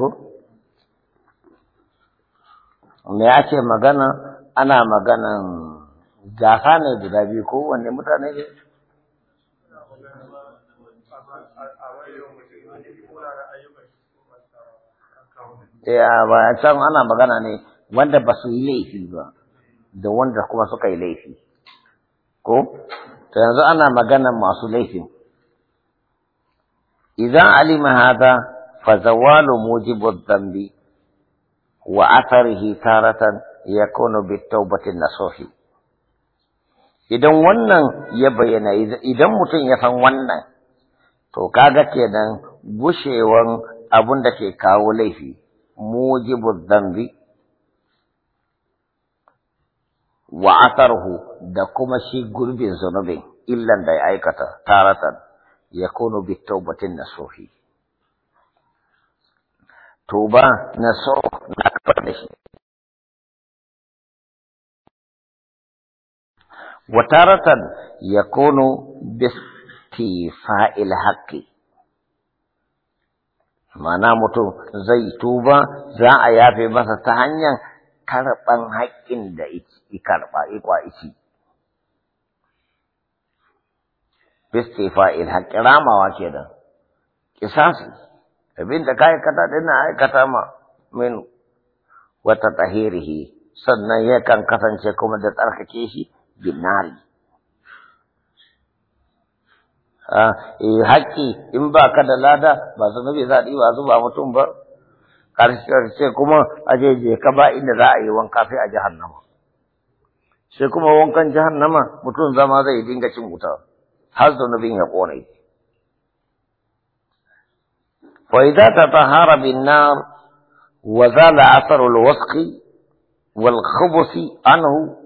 ko me ya magana ana maganan gasa ne guda biyu ko wanne mutane ne Ya eh, ba can ana magana ne wanda ba su yi laifi ba da wanda kuma suka yi laifi ko ta yanzu ana maganan masu laifin idan alima hada فزوال موجب الذنب وأثره تارة يكون بالتوبة النصوح idan wannan ya bayyana idan mutum ya san wannan to kaga kenan gushewan abun da ke kawo laifi mujibu dhanbi wa da kuma shi gurbin zunubin illan da ya aikata taratan yakunu bitawbatin nasuhi tuba na so na kafar da shi wataratan yakunu bistifa'il haƙƙi, mana mutum zai tuba za a yafe masa ta hanyar karɓan haƙƙin da ikarɓa ikwa ici bistifa'il haƙƙi ramawa da kisasi abinda ka aikata din na aikata ma min wata tahirihi sannan yakan kasance kuma da tsarkake shi binari ah, eh, haƙƙi in ba ka da lada ba su nufi za ba su ba mutum ba ƙarshe kuma je ka ba inda za a yi wanka sai a jahannama sai kuma wankan jahannama mutum zama zai dinga cin wuta har zunubin ya ƙone وإذا تطهر بالنار وزال أثر الوسق والخبث عنه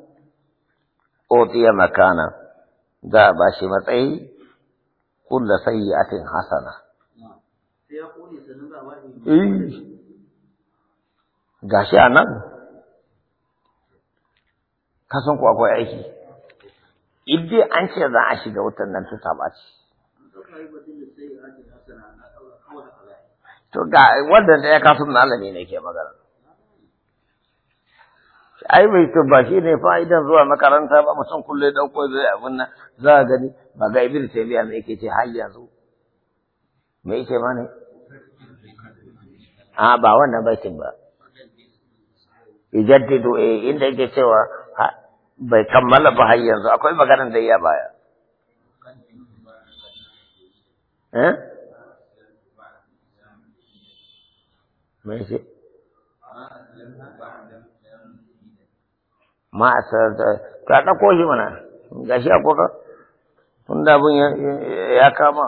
أوتي مكانا ذا باشي متعي كل سيئة حسنة gashi a nan kasan ku akwai aiki idai an ce za a shiga wutan nan ta saba ce To ga wanda da ya kasu malami ne ke magana. Ai bai to ba shi ne fa'idan zuwa makaranta ba mutum kullum ɗauko zai abin nan za a gani ba ga ibir biya me yake ce har yanzu. Me yake ma ne? A ah, ba wannan baitin ba. Ijaddidu eh inda yake cewa bai kammala ba har yanzu akwai maganar da iya baya. Eh? ma a ka ɗauko shi mana ga a kuka tun da abin ya kama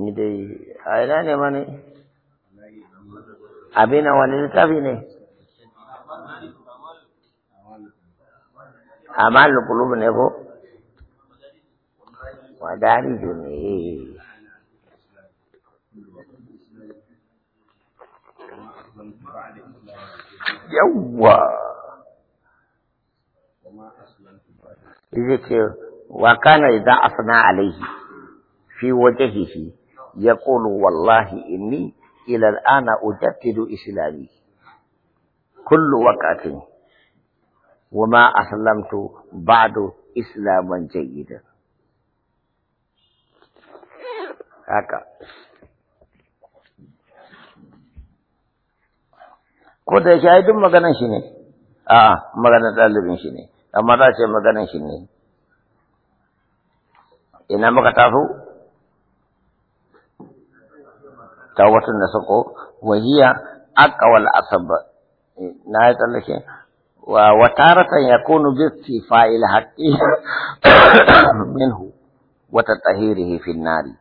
ni dai a ina ne ma ne abin a wani littafi ne amal lukulubu ne ko wadari ne yawwa yace wa kana idan asna alaihi fi ya yaqulu wallahi inni ila al'ana ujaddidu islami kullu waqatin وما أسلمت بعد إسلاما جيدا هكذا ko da yake duk maganan shi ne a maganan dalibin shi ne amma da ce maganan shi ne ina muka taso tawbatun na sako wahiya aqwal asaba na ya tallake wa wataratan yakunu bi sifail haqqi minhu wa tatahirihi fi nari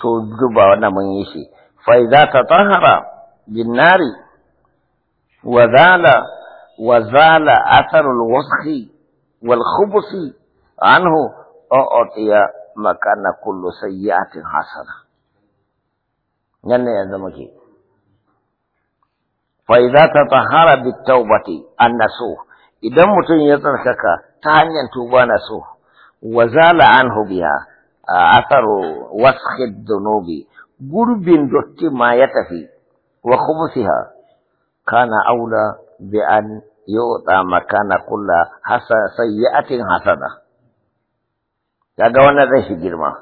so duba wannan mun yi shi fa idza tatahara bin nari وزال وزال أثر الوسخ والخبث عنه أعطي مكان كل سيئة حسنة يعني هذا مجيء فإذا تطهر بالتوبة النسوح إذا متن يتركك تهنيا توبة نسوح وزال عنه بها أثر وسخ الذنوب قرب دت ما يتفي وخبثها كان أولى بأن يؤتى مكان كل سيئة حسنة كذا وانا ذي شجرما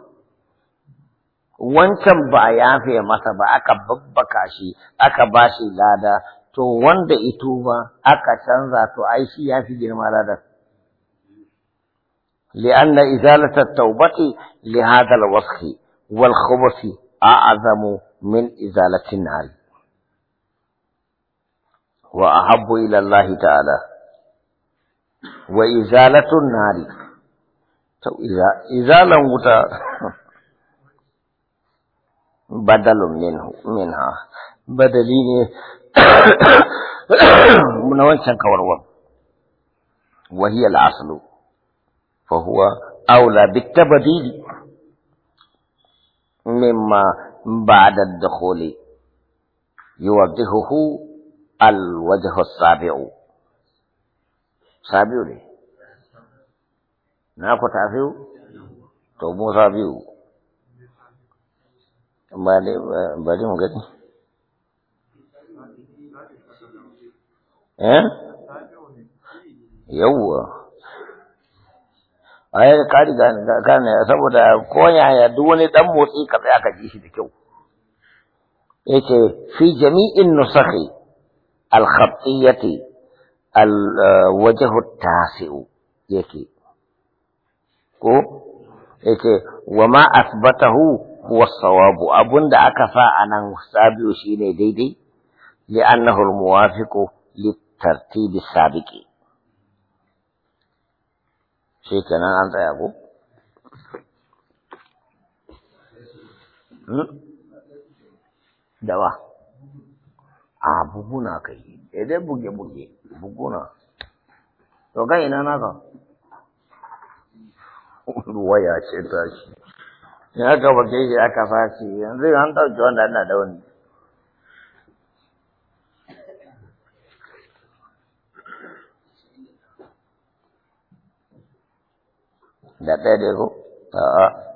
وانكم بايا في مثلا أكا ببكاشي أكا باشي لادا تو واند إتوبا أكا شنزا تو أيشي يافي جرما لادا لأن إزالة التوبة لهذا الوسخ والخبص أعظم من إزالة النار وأحب إلى الله تعالى وإزالة النار تو إزالة النار بدل منه منها بدلين من وانشان كورور وهي الأصل فهو أولى بالتبديل مما بعد الدخول يوضحه الوجه السابع سابع لي نا كو تعرفو تو مو سابع مالي بالي مو غادي ها يوا أي كاري كان كان سبودا كونيا يا يعني دواني دم موسي كبيا كجيش بيكو إيه في جميع النسخ الخطية الوجه التاسع يكي كو يكي وما أثبته هو الصواب أبن دا أكفا أنا مستابي وشيني دي دي لأنه الموافق للترتيب السابق شيك أنا أنت يا أبو دواء a buguna yi dai buge-buge buguna to ga ina naka waya ce ta shi ya ka bake shi aka sace yanzu an ɗauki wanda ana da wani da ɗaya da ko a'a